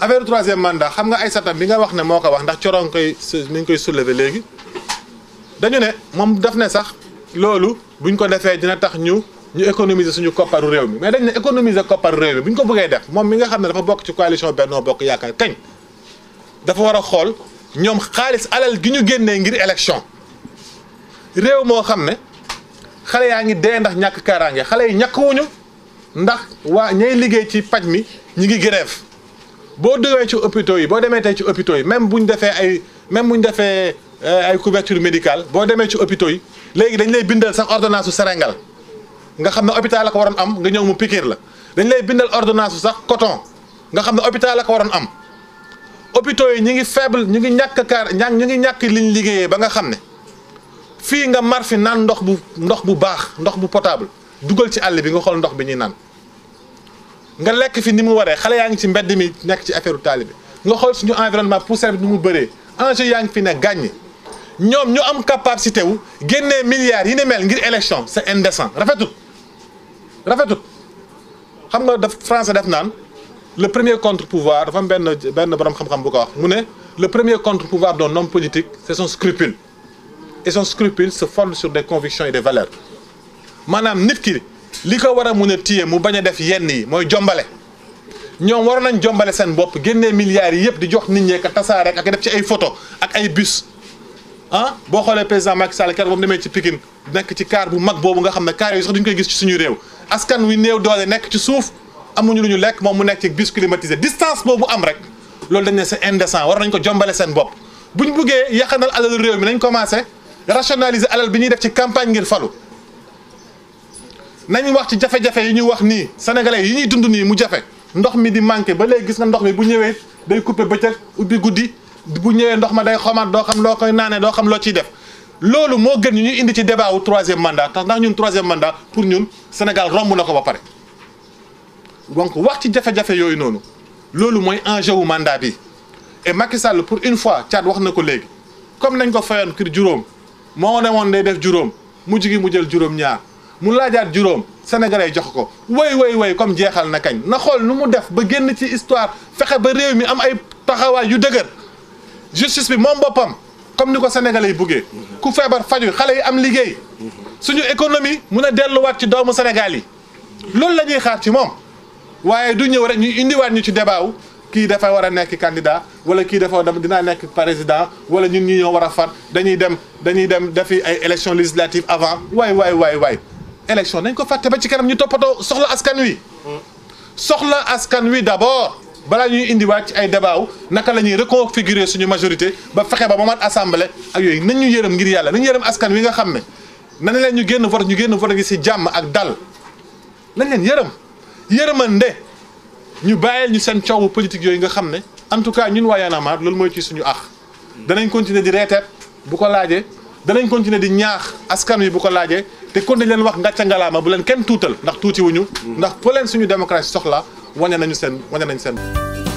affaire troisième mandat xam nga ay Aïssata bi nga wax ne moo ko wax ndax coron koy mi ngi koy soulever léegi dañu ne moom daf ne sax loolu buñ ko defee dina tax ñu ñu économiser suñu kopparu réew mi mais dañ ne économiser kopparu réew mi bu ko bëggee def moom mi nga xam ne dafa bokk ci coalition Benno Bokk Yaakaar kañ dafa war a xool ñoom xaalis alal gi ñu génnee ngir élection réew moo xam ne xale yaa ngi dee ndax ñàkk kaaraange xale yi ñàkk ñàkkuwuñu ndax waa ñay liggéey ci paj mi ñi ngi grève boo déggee ci hôpitaux yi boo demee tey ci hôpitaux yi même bu ñu defee ay même bu ñu defee euh, ay couverture médicale boo demee ci hôpitaux yi léegi dañ lay bindal sax ordonnance su Sénégal nga xam ne hôpital la ko waroon am nga ñëw mu pikiir la dañ lay bindal ordonnance su sax coton nga xam ne opital la ko waroon am hôpitaux yi ñu ngi faible ñu ñàkk kaar ña ñu ngi ñàkk liñ liggéeyee ba nga xam ne fii nga mar fi naan ndox bu ndox bu baax ndox bu potable dugal ci àll bi nga xool ndox bi ñuy naan nga lekk fi ni mu waree xale yaa ngi ci mbedd mi nekk ci affaire taalibe nga xool suñu environnement poussière bi ni mu bëree enjeu yaa ngi fi ne gàññi ñoom ñu am capacité wu génnee milliards yi ne mel ngir élection c'est indécent rafetut rafetut xam nga daf français def naan le premier contre-pouvoir dafa am benn benn borom xam-xam bu ko wax mu ne le premier contre-pouvoir d'un homme politique c'est son scrupule et son scrupule se forment sur des convictions et des valeurs maanaam nit ki li ko war a mun a téye mu bañ a def yenn yi mooy jombale ñoom war nañ jombale seen bopp génnee milliards yi yëpp di jox nit ñi ka tasaare ak def ci ay photo ay bus ah boo xoolee président Macky Sall keroog ba mu demee ci Pikine nekk ci car bu mag boobu nga xam ne car yooyu sax koy gis ci suñu réew askan wi néew doole nekk ci suuf amuñu lu ñu lekk moom mu nekk ci bus climatisé distance boobu am rek loolu dañ ne c'est indécent war nañ ko jombale seen bopp buñ buggee yàqanal alalu réew mi nañ commencé. rationaliser alal bi ñuy def ci campagne ngir falu nañ wax ci jafe-jafe yi ñuy wax nii sénégalais yi ñuy dund nii mu jafe ndox mi di manqué ba léegi gis nga ndox mi bu ñëwee day coupé bëccëg ubbi guddi bu ñëwee ndox ma day xomaat doo xam loo koy naanee doo xam loo ciy def loolu moo gën ñu indi ci débat wu troisième mandat tax ndax ñun troisième mandat pour ñun Sénégal romb na ko ba pare donc wax ci jafe yooyu noonu loolu mooy enjeu wu mandat bi et Macky Sall pour une fois Thiat wax na ko léegi comme nañ ko fayoon kër juróom moo ne woon day def juróom mu gi mu jël juróom-ñaar mu laajaat juróom sénégalais jox ko way woy woy comme jeexal na kañ na xool nu mu def ba génn ci histoire fexe ba réew mi am ay taxawaay yu dëgër justice bi moom boppam comme ni ko sénégalais yi buggee ku feebar faju xale yi am liggéey suñu économie mun a delluwaat ci doomu Sénégal yi loolu la ñuy xaar ci moom waaye du ñëw rek ñu indiwaat ñu ci débat kii dafa war a nekk candidat wala kii dafa dem dinaa nekk président wala ñun ñi ñoo war a far dañuy dem dañuy dem defi ay élection législative avant waay waay waay waay élection nañ ko fàtte ba ci kanam ñu toppatoo soxla askan wi soxla askan wi d'abord balaa ñuy indiwaat ci ay débat naka la ñuy reconfigurer suñu majorité ba fexe ba moomaat assemblée ak yooyu nañ ñu yërëm ngir yàlla nañu yërëm askan wi nga xam ne nan leen ñu génn vote ñu génn vote gi si jàmm ak dal nañ leen yërëm yërëmande ñu bàyyil ñu seen coowu politique yooyu nga xam ne en tout cas ñun waa Y'en loolu mooy ci suñu ax danañ continuer di reeteet bu ko laajee danañ continuer di ñaax askan wi bu ko laajee te kon dañ leen wax ngàcca cangalaama bu leen kenn tuutal ndax tuuti wuñu mm. ndax po leen suñu démocratie soxla wane nañu seen wane nañ seen